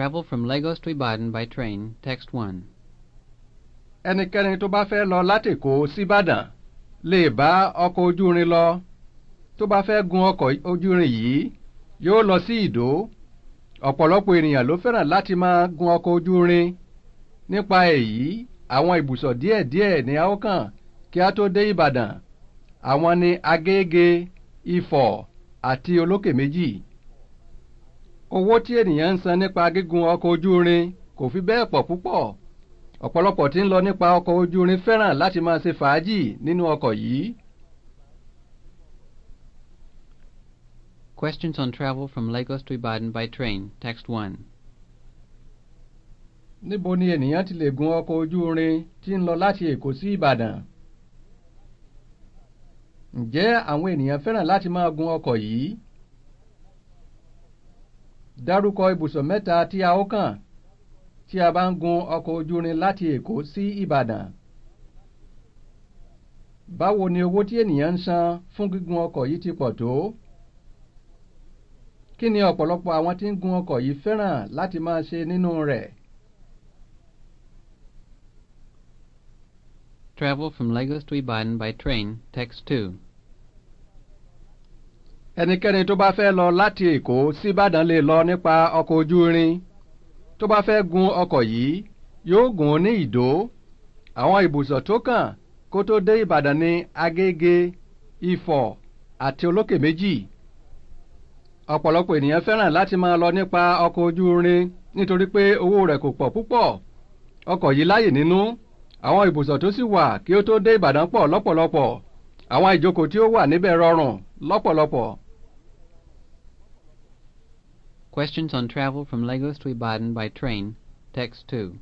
Travel from Lagos to Ibadan by train, text one. ẹnikẹ́ni tó bá fẹ́ lọ láti Èkó síbàdàn lè bá ọkọ̀ ojú irin lọ tó bá fẹ́ gun ọkọ̀ ojú irin yìí yóò lọ sí Ìdó ọ̀pọ̀lọpọ̀ ènìyàn ló fẹ́ràn láti máa gun ọkọ̀ ojú irin nípa èyí àwọn ibùsọ̀ díẹ̀díẹ̀ ní a ó kàn kí a tó dé Ìbàdàn àwọn ni Agége Ifọ̀ àti Olókè méjì owó tí ènìyàn ń san nípa gígun ọkọ̀ ojú irin kò fi bẹ́ẹ̀ pọ̀ púpọ̀ ọ̀pọ̀lọpọ̀ tí ń lọ nípa ọkọ̀ ojú irin fẹ́ràn láti máa ṣe fàájì nínú ọkọ̀ yìí. Questions on travel from Lagos to Ibadan by train, text one. Níbo ni ènìyàn ti lè gun ọkọ̀ ojú irin tí ń lọ láti Èkó sí Ìbàdàn? Ǹjẹ́ àwọn ènìyàn fẹ́ràn láti máa gun ọkọ̀ yìí? dárúkọ ibùsọ̀ mẹ́ta tí a ó kàn tí a bá ń gun ọkọ̀ ojú irin láti èkó sí ìbàdàn. báwo ni owó tí ènìyàn ń san fún gígun ọkọ̀ yìí ti pọ̀ tó? kí ni ọ̀pọ̀lọpọ̀ àwọn tí ń gun ọkọ̀ yìí fẹ́ràn láti máa ṣe nínú rẹ̀? Travel from Lagos to Ibadan by train, text 2 ẹnikẹ́ni tó bá fẹ́ lọ láti èkó síbàdàn lè lọ nípa ọkọ̀ ojú irin tó bá fẹ́ gun ọkọ̀ yìí yóò gùn ní ìdó àwọn ibùsọ̀ tó kàn kó tó dé ìbàdàn ní agége ifọ̀ àti olókè méjì ọ̀pọ̀lọpọ̀ ènìyàn fẹ́ràn láti máa lọ nípa ọkọ̀ ojú irin nítorí pé owó rẹ̀ kò pọ̀ púpọ̀ ọkọ̀ yìí láyè nínú àwọn ibùsọ̀ tó sì wà kí ó tó dé ìbàdàn pọ̀ lọ́pọ̀lọpọ̀ àwọn ìjókòó tí ó wà níbẹ̀ rọrùn lọ́pọ̀lọpọ̀ Questions on Travel from Lagos to Ibadan by Train, Text 2.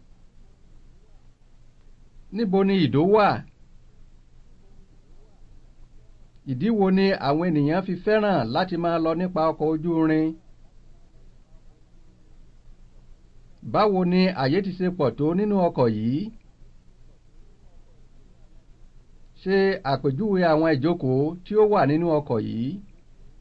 Níbo ni ìdó wà? Ìdí wo ni àwọn ènìyàn fi fẹ́ràn láti máa lọ nípa ọkọ̀ ojú irin? Báwo ni àyè ti ṣe pọ̀ tó nínú ọkọ̀ yìí? Ṣe àpèjúwe àwọn ìjókòó tí ó wà nínú ọkọ̀ yìí.